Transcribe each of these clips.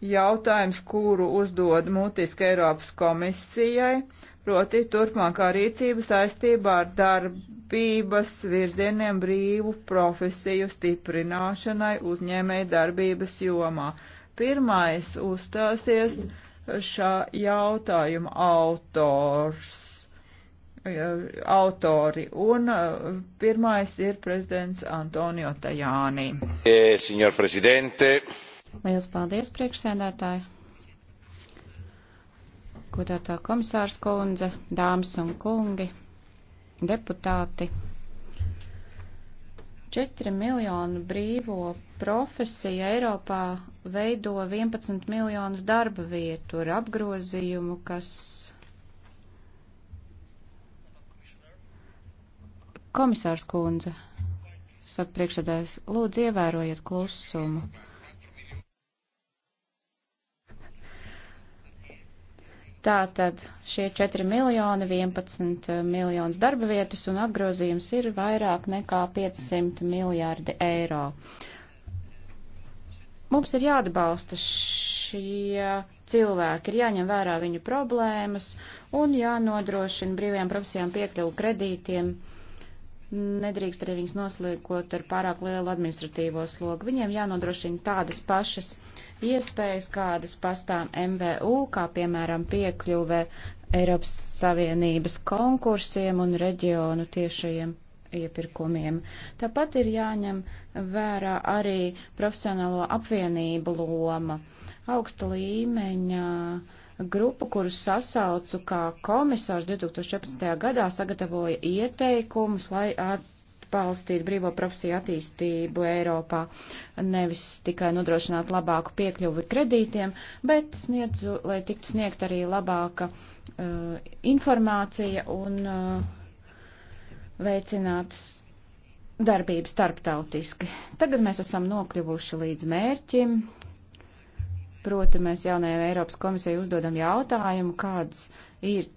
jautājums, kuru uzdod mutiski Eiropas komisijai, proti turpmākā rīcība saistībā ar darbības virzieniem brīvu profesiju stiprināšanai uzņēmēja darbības jomā. Pirmais uzstāsies šā jautājuma autors, autori, un eh, pirmais ir prezidents Antonio Tajāni. E, eh, Liels paldies, priekšsēdētāji! Godātā komisārs kundze, dāmas un kungi, deputāti! 4 miljonu brīvo profesiju Eiropā veido 11 miljonus darba vietu ar apgrozījumu, kas. Komisārs kundze, saka priekšsēdājs, lūdzu ievērojiet klusumu. Tātad šie 4 miljoni, 11 eh, miljonus darba vietas un apgrozījums ir vairāk nekā 500 miljārdi eiro. Mums ir jāatbalsta šie cilvēki, ir jāņem vērā viņu problēmas un jānodrošina brīvajām profesijām piekļuvu kredītiem nedrīkst arī viņus noslīkot ar pārāk lielu administratīvo slogu. Viņiem jānodrošina tādas pašas iespējas, kādas pastāv MVU, kā piemēram piekļuve Eiropas Savienības konkursiem un reģionu tiešajiem iepirkumiem. Tāpat ir jāņem vērā arī profesionālo apvienību loma. Augsta līmeņa uh, grupu, kurus sasaucu kā komisārs 2014. gadā, sagatavoja ieteikumus, lai atbalstīt brīvo profesiju attīstību Eiropā, nevis tikai nodrošināt labāku piekļuvi kredītiem, bet sniedzu, lai tiktu sniegt arī labāka uh, informācija un uh, veicināts darbības starptautiski. Tagad mēs esam nokļuvuši līdz mērķim, Proti, mēs jaunajai Eiropas komisijai uzdodam jautājumu, kādas ir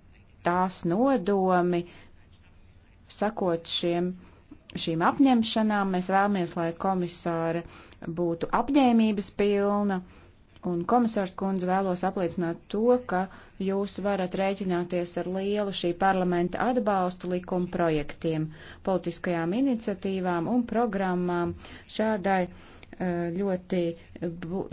tās nodomi, sakot šiem, šīm apņemšanām. Mēs vēlamies, lai komisāra būtu apņēmības pilna. Un komisārs kundze vēlos apliecināt to, ka jūs varat rēķināties ar lielu šī parlamenta atbalstu likuma projektiem, politiskajām iniciatīvām un programmām šādai ļoti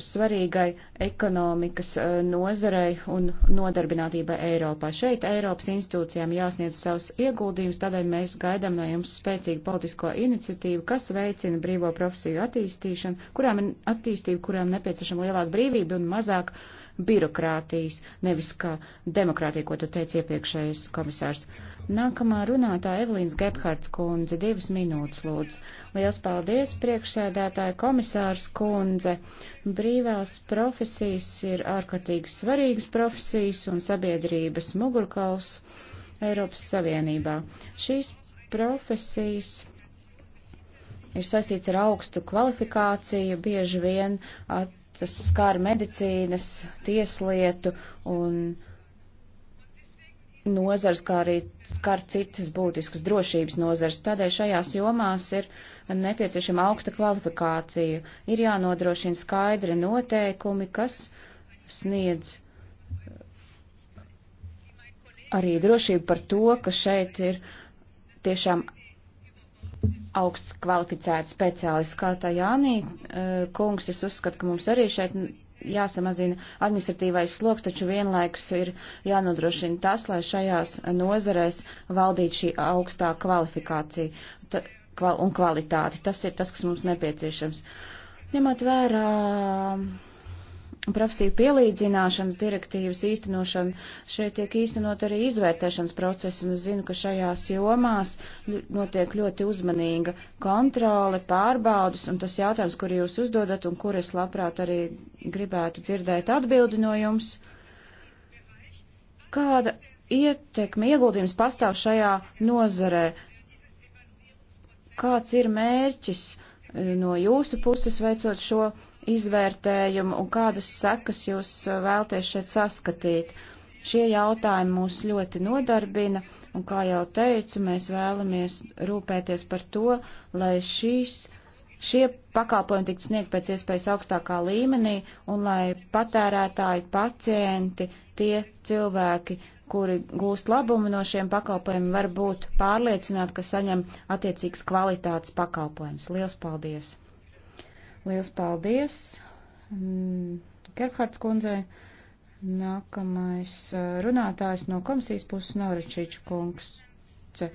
svarīgai ekonomikas eh, nozarei un nodarbinātībai Eiropā. Šeit Eiropas institūcijām jāsniedz savus ieguldījumus, tādēļ mēs gaidām no jums spēcīgu politisko iniciatīvu, kas veicina brīvo profesiju attīstīšanu, kurām ir attīstība, kurām nepieciešama lielāka brīvība un mazāk birokrātijas, nevis kā demokrātija, ko tu teici iepriekšējais komisārs. Nākamā runātā Evelīns Gebhards kundze, divas minūtes lūdzu. Liels paldies, priekšsēdētāja komisārs kundze. Brīvās profesijas ir ārkārtīgi svarīgas profesijas un sabiedrības mugurkauls Eiropas Savienībā. Šīs profesijas ir saistīts ar augstu kvalifikāciju, bieži vien at, tas skar medicīnas, tieslietu un nozars, kā arī skar citas būtiskas drošības nozars. Tādēļ šajās jomās ir nepieciešama augsta kvalifikācija. Ir jānodrošina skaidri noteikumi, kas sniedz arī drošību par to, ka šeit ir tiešām augsts kvalificēts speciālists. Kā tā Jānī eh, kungs, es uzskatu, ka mums arī šeit jāsamazina administratīvais sloks, taču vienlaikus ir jānodrošina tas, lai šajās nozarēs valdītu šī augstā kvalifikācija ta, kval, un kvalitāte. Tas ir tas, kas mums nepieciešams. Ņemot vērā. Uh, profesiju pielīdzināšanas direktīvas īstenošanu, šeit tiek īstenot arī izvērtēšanas procesi, un es zinu, ka šajās jomās notiek ļoti uzmanīga kontrole, pārbaudas, un tas jautājums, kur jūs uzdodat un kur es labprāt arī gribētu dzirdēt atbildi no jums, kāda ietekme ieguldījums pastāv šajā nozarē, kāds ir mērķis eh, no jūsu puses veicot šo izvērtējumu un kādas sekas jūs eh, vēlties šeit saskatīt. Šie jautājumi mūs ļoti nodarbina, un, kā jau teicu, mēs vēlamies rūpēties par to, lai šīs, šie pakalpojumi tiktu sniegt pēc iespējas augstākā līmenī, un lai patērētāji, pacienti, tie cilvēki, kuri gūst labumu no šiem pakalpojumiem, var būt pārliecināti, ka saņem attiecīgas kvalitātes pakalpojumus. Lielas paldies! Liels paldies mm, Gerhards kundzei. Nākamais uh, runātājs no komisijas puses Navračiča kungs. Uh,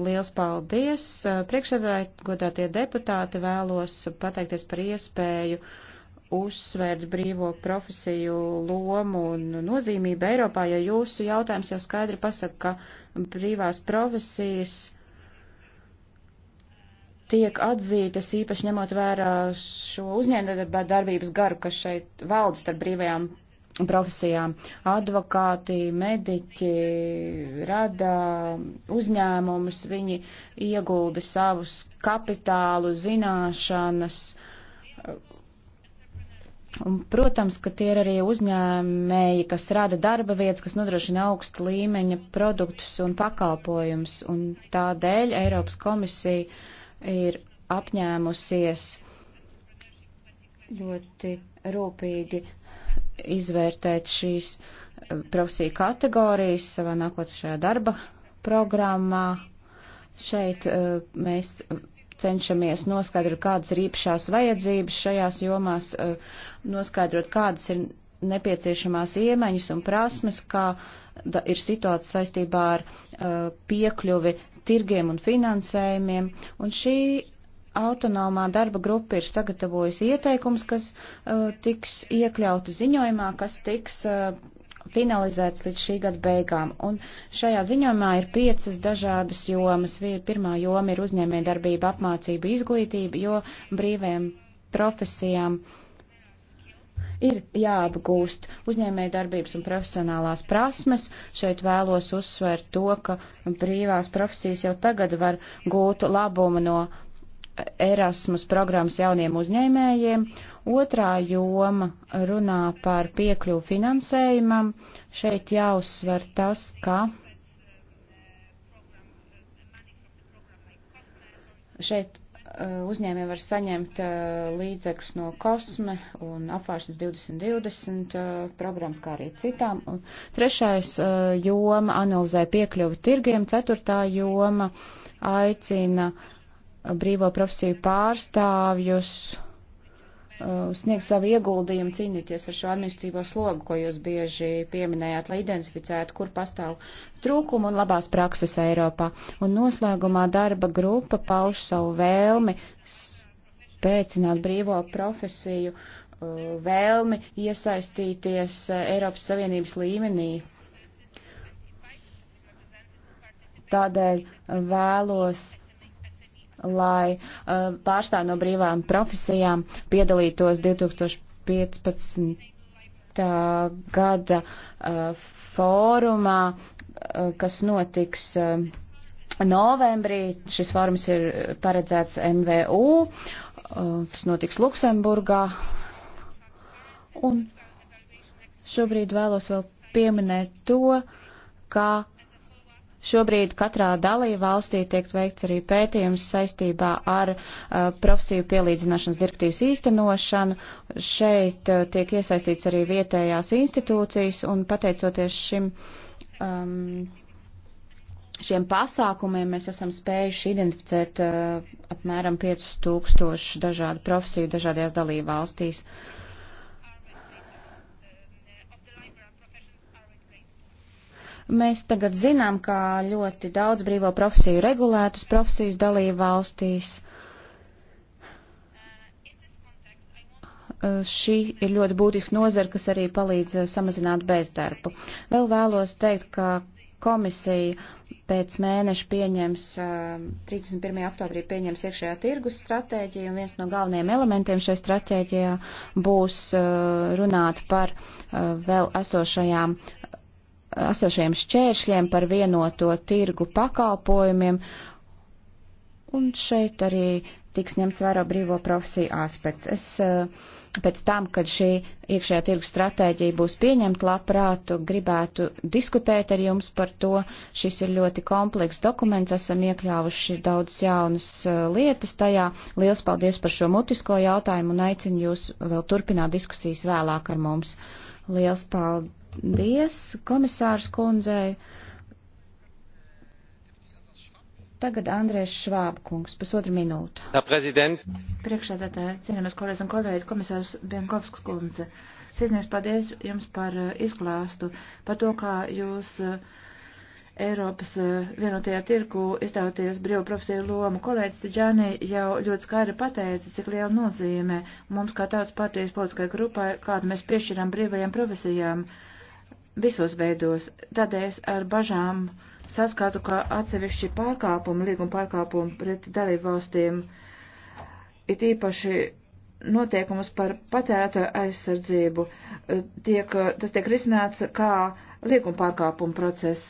liels paldies. Uh, priekšsēdētāji, godātie deputāti, vēlos pateikties par iespēju uzsvērt brīvo profesiju lomu un nozīmību Eiropā, jo jūsu jautājums jau skaidri pasaka, ka brīvās profesijas uh, tiek atzītas, īpaši ņemot vērā šo uzņēmuma darbības garu, kas šeit valda starp brīvajām profesijām. Advokāti, mediķi rada uzņēmumus, viņi iegulda savus kapitālu, zināšanas. Un, protams, ka tie ir arī uzņēmēji, kas rada darba vietas, kas nodrošina augsta līmeņa produktus un pakalpojumus, un tādēļ Eiropas komisija uh, ir apņēmusies ļoti rūpīgi izvērtēt šīs eh, profesiju kategorijas savā nākotnējā darba programmā. Šeit eh, mēs cenšamies noskaidrot, kādas ir īpašās vajadzības šajās jomās, eh, noskaidrot, kādas ir nepieciešamās iemaņas un prasmes, kā ir situācija saistībā ar piekļuvi tirgiem un finansējumiem, un šī autonomā darba grupa ir sagatavojusi ieteikums, kas uh, tiks iekļauti ziņojumā, kas tiks uh, finalizēts līdz šī gada beigām. Un šajā ziņojumā ir piecas dažādas jomas. Pirmā joma ir uzņēmē darbība, apmācība, izglītība, jo brīvēm profesijām uh, ir jāapgūst uzņēmēja darbības un profesionālās prasmes. Šeit vēlos uzsvērt to, ka brīvās profesijas jau tagad var gūt labumu no Erasmus programmas jauniem uzņēmējiem. Otrā joma runā par piekļuvu finansējumam. Šeit jāuzsver tas, ka šeit Eh, uzņēmiem var saņemt eh, līdzekļus no kosme un apvāršanas 2020 eh, programmas, kā arī citām. Un trešais joma analizē piekļuvi tirgiem, ceturtā joma aicina brīvo profesiju pārstāvjus Uh, sniegt savu ieguldījumu cīnīties ar šo administrīvo slogu, ko jūs bieži pieminējāt, lai identificētu, kur pastāv trūkumu un labās prakses Eiropā. Un noslēgumā darba grupa pauž savu vēlmi spēcināt brīvo profesiju, uh, vēlmi iesaistīties uh, Eiropas Savienības līmenī. Tādēļ vēlos lai uh, pārstāvi no brīvām profesijām piedalītos 2015. gada uh, fórumā, uh, kas notiks uh, novembrī. Šis fórums ir paredzēts MVU, uh, kas notiks Luksemburgā. Un šobrīd vēlos vēl pieminēt to, ka Šobrīd katrā dalība valstī tiek veikts arī pētījums saistībā ar uh, profesiju pielīdzināšanas direktīvas īstenošanu. Šeit uh, tiek iesaistīts arī vietējās institūcijas un pateicoties šim. Um, Šiem pasākumiem mēs esam spējuši identificēt uh, apmēram 5000 dažādu profesiju dažādajās dalību valstīs. Uh, Mēs tagad zinām, ka ļoti daudz brīvo profesiju regulētas profesijas dalība valstīs. Uh, šī ir ļoti būtiska nozara, kas arī palīdz uh, samazināt bezdarbu. Vēl vēlos teikt, ka komisija pēc mēneša pieņems, 31. Uh, oktobrī pieņems iekšējā tirgus stratēģiju, un viens no galvenajiem elementiem šajā stratēģijā būs runāt par vēl esošajām esošiem šķēršļiem par vienoto tirgu pakalpojumiem, un šeit arī tiks ņemts vērā brīvo profesiju aspekts. Es eh, pēc tam, kad šī iekšējā tirgu stratēģija būs pieņemta, labprāt gribētu diskutēt ar jums par to. Šis ir ļoti komplekss dokuments, esam iekļāvuši daudz jaunas eh, lietas tajā. Liels paldies par šo mutisko jautājumu un aicinu jūs vēl turpināt diskusijas vēlāk ar mums. Liels paldies! Paldies komisārs kundzei. Tagad Andrēs Švābkungs, pusotra minūte. Priekšsēdētāji, cienījamies kolēģis un kolēģi, komisārs Bienkovskas kundze. Sīsnieks paldies jums par eh, izklāstu, par to, kā jūs eh, Eiropas eh, vienotajā tirku izstāvoties brīvu profesiju lomu. Kolēģis Tiģāni jau ļoti skaidri pateica, cik liela nozīme mums kā tautas partijas politiskai grupai, kādu mēs piešķiram brīvajām profesijām. Uh, visos veidos. Tādēļ es ar bažām saskatu, ka atsevišķi pārkāpumi, līguma pārkāpumi pret dalībvalstīm ir īpaši noteikumus par patērētāju aizsardzību. Eh, tiek, tas tiek risināts kā līguma pārkāpuma process.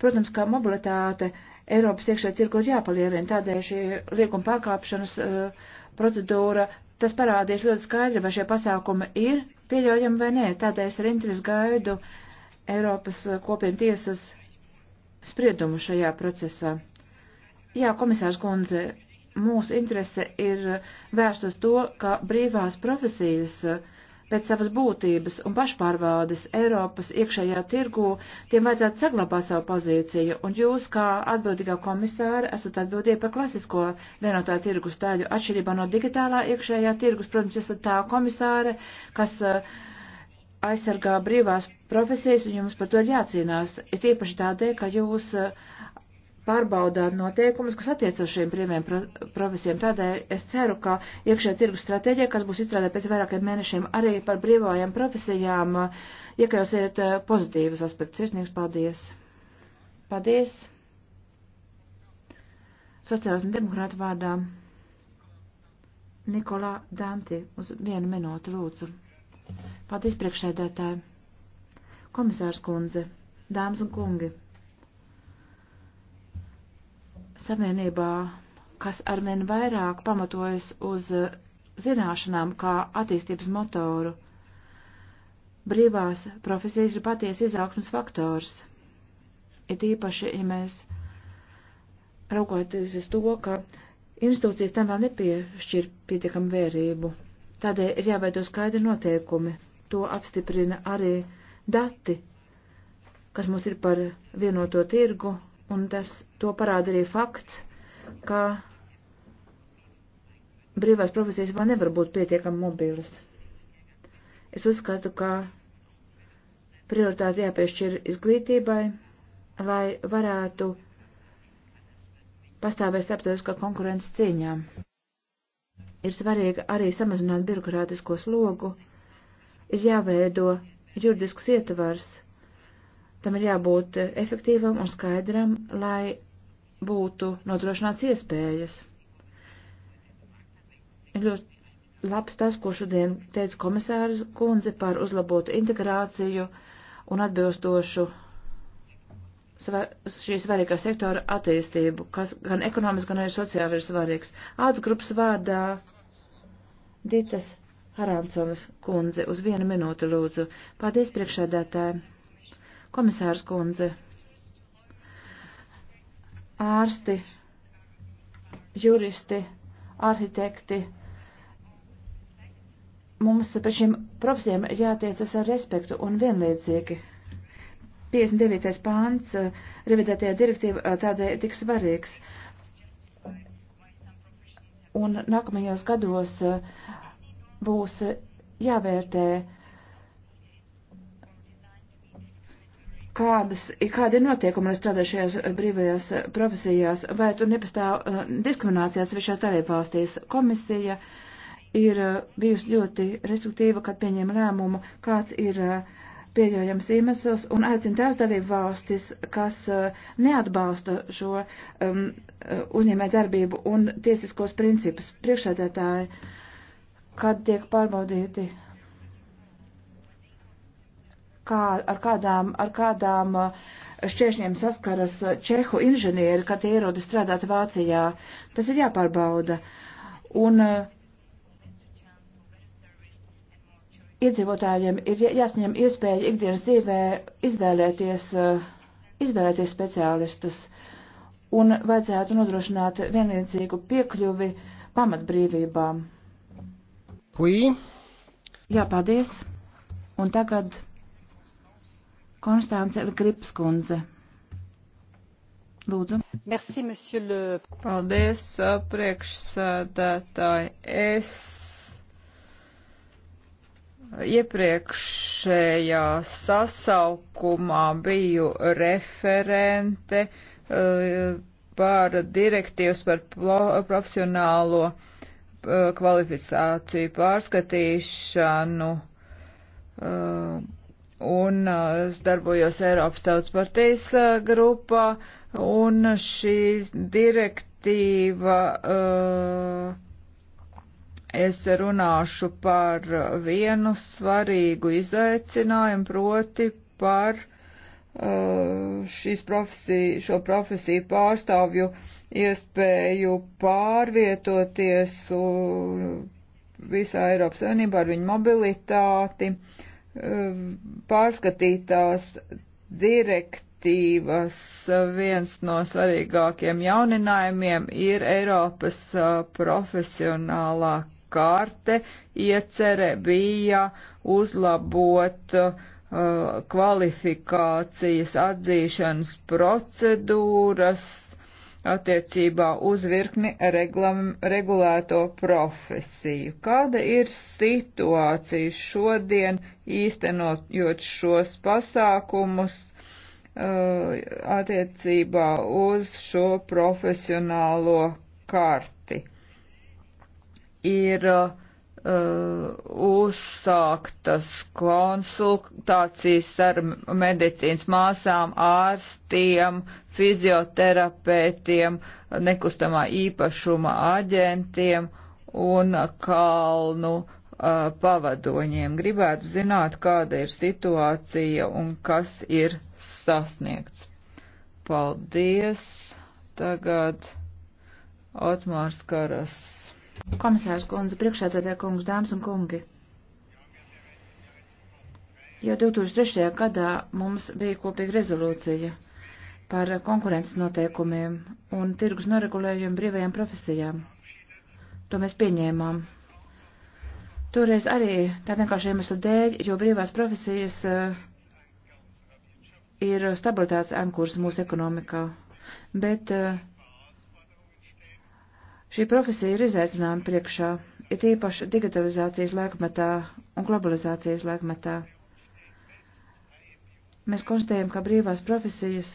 Protams, kā mobilitāte Eiropas iekšē tirgu ir jāpalielina, tādēļ šī līguma pārkāpšanas uh, procedūra, tas parādīs ļoti skaidri, vai šie pasākumi ir pieļaujam vai nē. Tādēļ es ar interesi gaidu Eiropas kopienu tiesas spriedumu šajā procesā. Jā, komisārs kundze, mūsu interese ir vērst uz to, ka brīvās profesijas uh, pēc savas būtības un pašpārvaldes Eiropas iekšējā tirgū, tiem vajadzētu saglabāt savu pozīciju, un jūs, kā atbildīgā komisāra, esat atbildīgi par klasisko vienotā tirgus daļu, atšķirībā no digitālā iekšējā tirgus, protams, esat tā komisāra, kas eh, aizsargā brīvās profesijas, un jums par to ir jācīnās, ir tiepaši tādēļ, ka jūs uh, pārbaudām noteikumus, kas attiec uz šiem brīviem pro profesijiem. Tādēļ es ceru, ka iekšē tirgus stratēģija, kas būs izstrādāta pēc vairākiem mēnešiem, arī par brīvajām profesijām eh, iekļausiet eh, pozitīvus aspektus. Sirsnīgs paldies! Paldies! Sociālas un demokrāta vārdā Nikolā Danti uz vienu minūti lūdzu. Paldies priekšsēdētāji! Komisārs kundze, dāmas un kungi! Savienībā, kas arvien vairāk pamatojas uz zināšanām kā attīstības motoru, brīvās profesijas ir patiesi izaugsmas faktors. Ir īpaši, ja mēs raugoties uz to, ka institūcijas tam vēl nepiešķir pietiekam vērību. Tādēļ ir jāveido skaidri noteikumi. To apstiprina arī dati, kas mums ir par vienoto tirgu, un tas to parāda arī fakts, ka brīvās profesijas vēl nevar būt pietiekami mobīlas. Es uzskatu, ka prioritāte jāpiešķir izglītībai, lai varētu pastāvēt starptautiskā konkurences cīņā. Ir svarīgi arī samazināt birokrātisko slogu, ir jāveido juridisks ietvars, tam ir jābūt efektīvam un skaidram, lai būtu nodrošināts iespējas. Ir ļoti labs tas, ko šodien teica komisārs kundze par uzlabotu integrāciju un atbilstošu šīs svarīgā sektora attīstību, kas gan ekonomiski, gan arī sociāli ir svarīgs. Āds grupas vārdā Ditas Harāncovas kundze uz vienu minūti lūdzu. Paldies priekšādātājiem! Komisārs kundze, ārsti, juristi, arhitekti, mums pret šīm profesijām jātiecas ar respektu un vienlīdzīgi. 59. pāns eh, revidētajā direktīva eh, tādēļ tik svarīgs. Un nākamajos gados eh, būs jāvērtē kādas, kādi ir notiekumi, lai strādā šajās brīvajās profesijās, vai tur nepastāv uh, diskriminācijas visās dalībvalstīs. Komisija ir uh, bijusi ļoti restriktīva, kad pieņēma lēmumu, kāds ir uh, pieļaujams iemesls, un aicina tās dalībvalstis, kas uh, neatbalsta šo um, uh, uzņēmē darbību un tiesiskos principus. Priekšsēdētāji, kad tiek pārbaudīti kā, ar kādām, ar kādām eh, šķēršļiem saskaras eh, čehu inženieri, kad tie ierodas strādāt Vācijā. Tas ir jāpārbauda. Un eh, iedzīvotājiem ir jāsņem iespēja ikdienas dzīvē izvēlēties, izvēlēties speciālistus. Un vajadzētu nodrošināt vienlīdzīgu piekļuvi pamatbrīvībām. Kui? Jā, paldies. Un tagad Konstance Gripskundze. Lūdzu. Merci, monsieur le... Paldies, priekšsēdētāji. Es iepriekšējā sasaukumā biju referente par direktīvas par profesionālo kvalifikāciju pārskatīšanu un es uh, darbojos Eiropas tautas partijas uh, grupā, un šī direktīva, uh, es runāšu par vienu svarīgu izaicinājumu, proti par šīs profesiju, šo profesiju pārstāvju iespēju pārvietoties visā Eiropas Savienībā ar viņu mobilitāti. Uh, Um, pārskatītās direktīvas uh, viens no svarīgākiem jauninājumiem ir Eiropas uh, profesionālā kārte. Iecere bija uzlabot uh, kvalifikācijas atzīšanas procedūras, attiecībā uz virkni reglam, regulēto profesiju. Kāda ir situācija šodien īstenojot šos pasākumus uh, attiecībā uz šo profesionālo karti? Ir uh, Uh, uzsāktas konsultācijas ar medicīnas māsām, ārstiem, fizioterapeitiem, nekustamā īpašuma aģentiem un kalnu uh, pavadoņiem. Gribētu zināt, kāda ir situācija un kas ir sasniegts. Paldies! Tagad Otmārs Karas Komisārs kundze, priekšētātē kungs, dāmas un kungi. Jau 2003. gadā mums bija kopīga rezolūcija par konkurences noteikumiem un tirgus noregulējumu brīvajām profesijām. To mēs pieņēmām. Toreiz arī tā vienkārši iemesla dēļ, jo brīvās profesijas eh, ir stabilitātes ankurs mūsu ekonomikā. Bet uh, Šī profesija ir izaicinājuma priekšā, ir īpaši digitalizācijas laikmetā un globalizācijas laikmetā. Mēs konstatējam, ka brīvās profesijas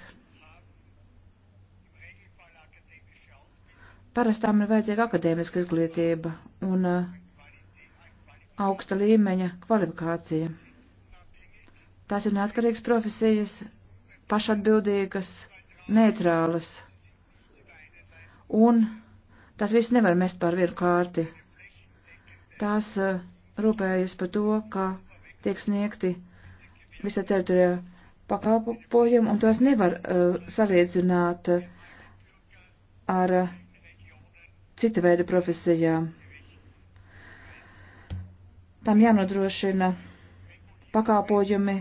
parastām ir vajadzīga akadēmiska izglītība un uh, augsta līmeņa kvalifikācija. Tās ir neatkarīgas profesijas, pašatbildīgas, neitrālas un Tas viss nevar mest par vienu kārti. Tās uh, rūpējas par to, ka tiek sniegti visā teritorijā pakalpojumi, un tos nevar uh, salīdzināt uh, ar uh, cita veida profesijām. Tam jānodrošina pakalpojumi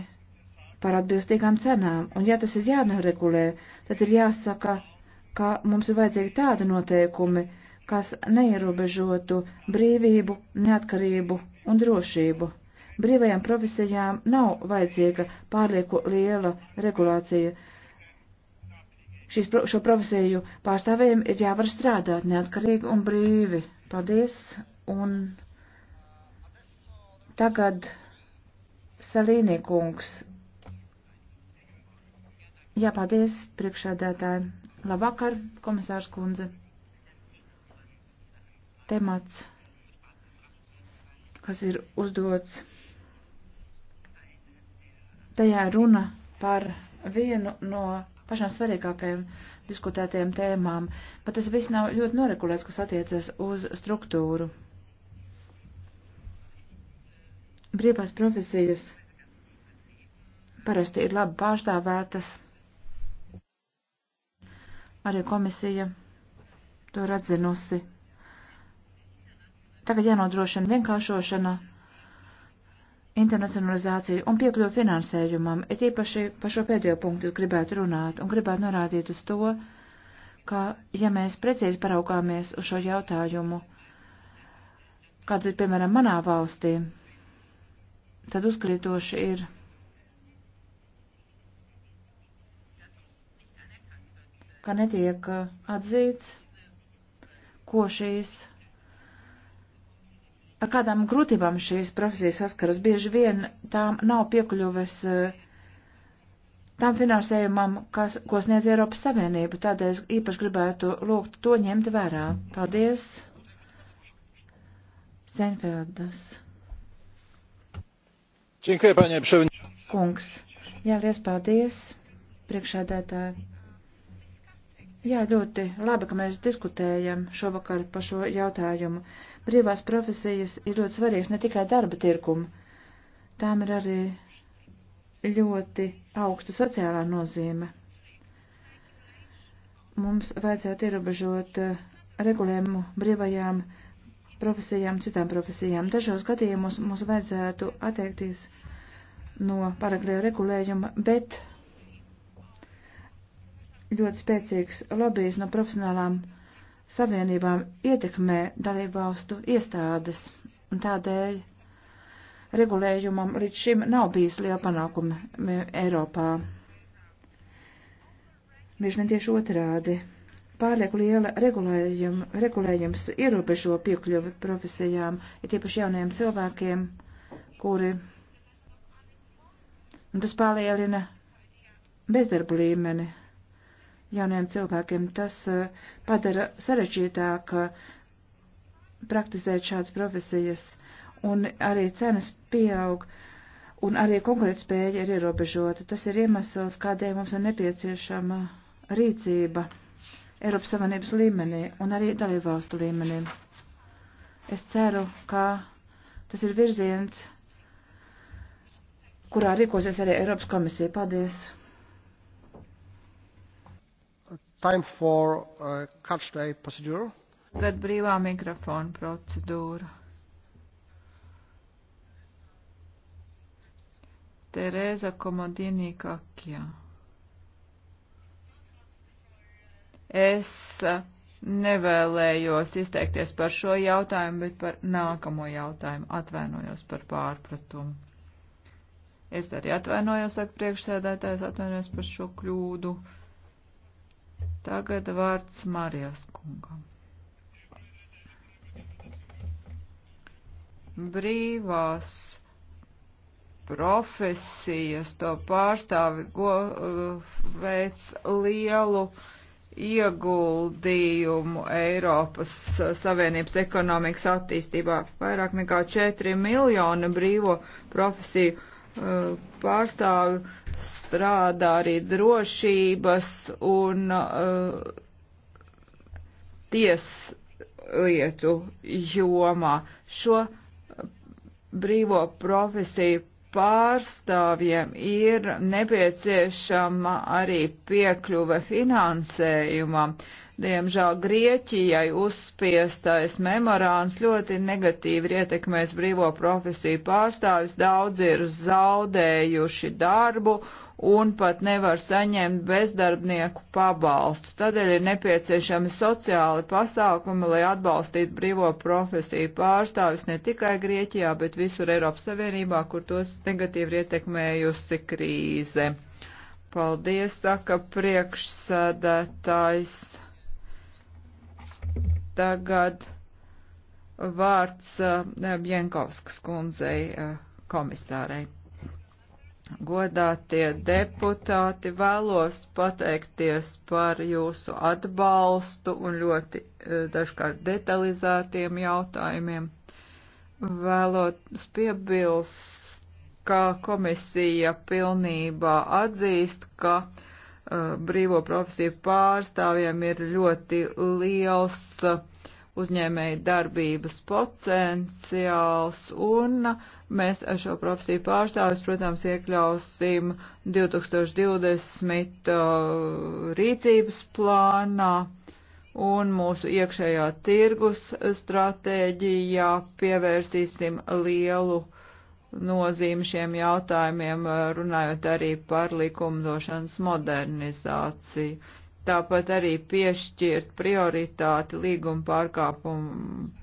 par atbilstīgām cenām, un ja tas ir jānoregulē, tad ir jāsaka, ka mums ir vajadzīgi tādi noteikumi, kas neierobežotu brīvību, neatkarību un drošību. Brīvajām profesijām nav vajadzīga pārlieku liela regulācija. Šis, šo profesiju pārstāvējiem ir jāvar strādāt neatkarīgi un brīvi. Paldies! Un tagad Salīnī kungs. Jā, paldies priekšādētāji. Labvakar, komisārs kundze temats, kas ir uzdots. Tajā runa par vienu no pašām svarīgākajām diskutētajām tēmām, bet tas viss nav ļoti noregulēts, kas attiecas uz struktūru. Brīvās profesijas parasti ir labi pārstāvētas. Arī komisija to ir atzinusi. Tagad jānodrošina vienkāršošana, internacionalizācija un piekļuva finansējumam. Ir īpaši par šo pēdējo punktu es gribētu runāt un gribētu norādīt uz to, ka, ja mēs precīzi paraugāmies uz šo jautājumu, kāds ir, piemēram, manā valstī, tad uzkrītoši ir. ka netiek atzīts, ko šīs ar kādām grūtībām šīs profesijas saskaras. Bieži vien tām nav piekļuves eh, tam finansējumam, kas, ko sniedz Eiropas Savienība. Tādēļ es īpaši gribētu lūgt to ņemt vērā. Paldies! Senfeldas. Činkai, paņēma šeit. Kungs. Jā, liels paldies, priekšēdētāji. Jā, ļoti labi, ka mēs diskutējam šovakar par šo jautājumu. Brīvās profesijas ir ļoti svarīgas ne tikai darba tirkumu, tām ir arī ļoti augsta sociālā nozīme. Mums vajadzētu ierobežot eh, regulējumu brīvajām profesijām, citām profesijām. Dažos gadījumos mums vajadzētu atteikties no paragrēju regulējuma, bet ļoti spēcīgs lobbyis no profesionālām profesijām savienībām ietekmē dalībvalstu iestādes, un tādēļ regulējumam līdz šim nav bijis liela panākuma e, Eiropā. Bieži vien tieši otrādi. Pārlieku liela regulējum, regulējums ierobežo piekļuvi profesijām, ir ja tiepaši jauniem cilvēkiem, kuri. Un tas palielina bezdarba līmeni jauniem cilvēkiem. Tas eh, padara sarežģītāk eh, praktizēt šādas profesijas, un arī cenas pieaug, un arī konkurētspēja ir ierobežota. Tas ir iemesls, kādēļ mums ir nepieciešama rīcība Eiropas Savienības līmenī un arī dalībvalstu līmenī. Es ceru, ka tas ir virziens, kurā rīkosies arī Eiropas komisija. Paldies! time for uh, catch the procedure. Tagad brīvā mikrofona procedūra. Tereza Komodini Kakja. Es uh, nevēlējos izteikties par šo jautājumu, bet par nākamo jautājumu atvainojos par pārpratumu. Es arī atvainojos, saka priekšsēdētājs, atvainojos par šo kļūdu. Uh, Tagad vārds Marijas kungam. Brīvās profesijas to pārstāvi go, uh, veic lielu ieguldījumu Eiropas Savienības ekonomikas attīstībā. Vairāk nekā 4 miljoni brīvo profesiju uh, pārstāvi jāstrādā arī drošības un uh, tieslietu jomā. Šo brīvo profesiju pārstāvjiem ir nepieciešama arī piekļuve finansējumam. Uh, Diemžēl Grieķijai uzspiestais memorāns ļoti negatīvi ir ietekmējis brīvo profesiju pārstāvis, daudz ir zaudējuši darbu un pat nevar saņemt bezdarbnieku pabalstu. Tādēļ ir nepieciešami sociāli pasākumi, lai atbalstītu brīvo profesiju pārstāvis ne tikai Grieķijā, bet visur Eiropas Savienībā, kur tos negatīvi ir ietekmējusi krīze. Paldies, saka priekšsēdētājs tagad vārds eh, Bienkovskas kundzei eh, komisārei. Godātie deputāti, vēlos pateikties par jūsu atbalstu un ļoti eh, dažkārt detalizētiem jautājumiem. Vēlos piebilst, ka komisija pilnībā atzīst, ka uh, brīvo profesiju pārstāvjiem ir ļoti liels uh, uzņēmēja darbības potenciāls, un mēs šo profesiju pārstāvis, protams, iekļausim 2020 uh, rīcības plānā un mūsu iekšējā tirgus stratēģijā pievērsīsim lielu nozīmi šiem jautājumiem, runājot arī par likumdošanas modernizāciju tāpat arī piešķirt prioritāti līguma pārkāpumu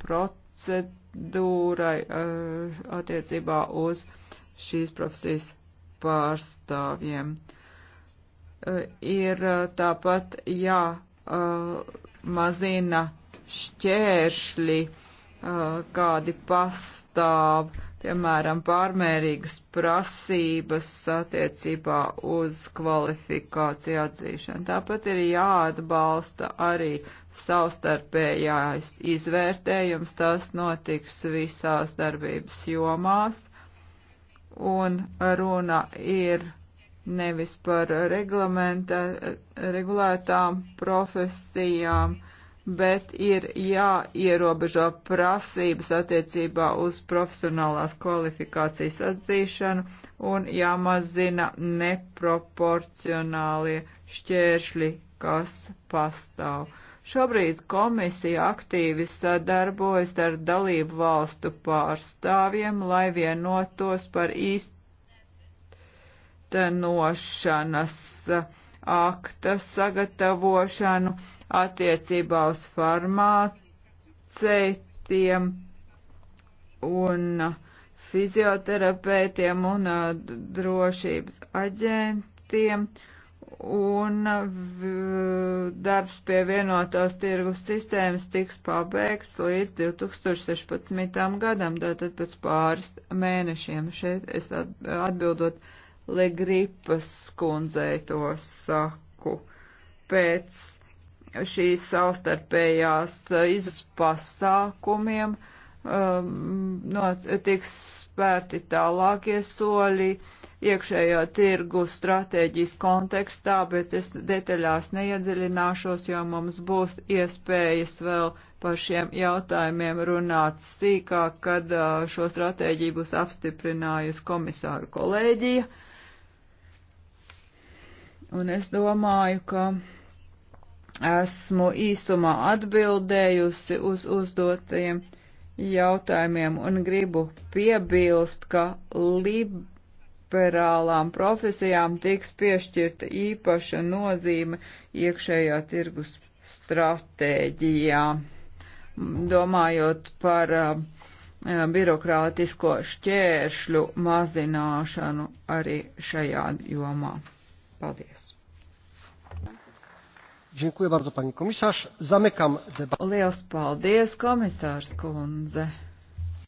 procedūrai eh, attiecībā uz šīs profesijas pārstāvjiem. Eh, ir eh, tāpat jāmazina šķēršļi, kādi pastāv piemēram, pārmērīgas prasības attiecībā uz kvalifikāciju atzīšanu. Tāpat ir jāatbalsta arī savstarpējais izvērtējums, tas notiks visās darbības jomās, un runa ir nevis par regulētām profesijām, bet ir jāierobežo prasības attiecībā uz profesionālās kvalifikācijas atzīšanu un jāmazina neproporcionālie šķēršļi, kas pastāv. Šobrīd komisija aktīvi sadarbojas ar dalību valstu pārstāvjiem, lai vienotos par īstenošanas uh, akta sagatavošanu attiecībā uz farmāceitiem un fizioterapeitiem un drošības aģentiem un darbs pie vienotās tirgus sistēmas tiks pabeigts līdz 2016. gadam, tātad pēc pāris mēnešiem. Šeit es atbildot Legripas kundzei to saku. Pēc šīs savstarpējās izas pasākumiem um, no, tiks spērti tālākie soļi iekšējo tirgu stratēģijas kontekstā, bet es detaļās neiedziļināšos, jo mums būs iespējas vēl par šiem jautājumiem runāt sīkāk, kad uh, šo stratēģiju būs apstiprinājusi komisāru kolēģija. Un es domāju, ka esmu īsumā atbildējusi uz uzdotajiem jautājumiem un gribu piebilst, ka liberālām profesijām tiks piešķirta īpaša nozīme iekšējā tirgus stratēģijā, domājot par uh, birokrātisko šķēršļu mazināšanu arī šajā jomā. Paldies! Dziękuję bardzo, pani komisarz. Zamykam debatę. Lielas paldies, komisārs kundze.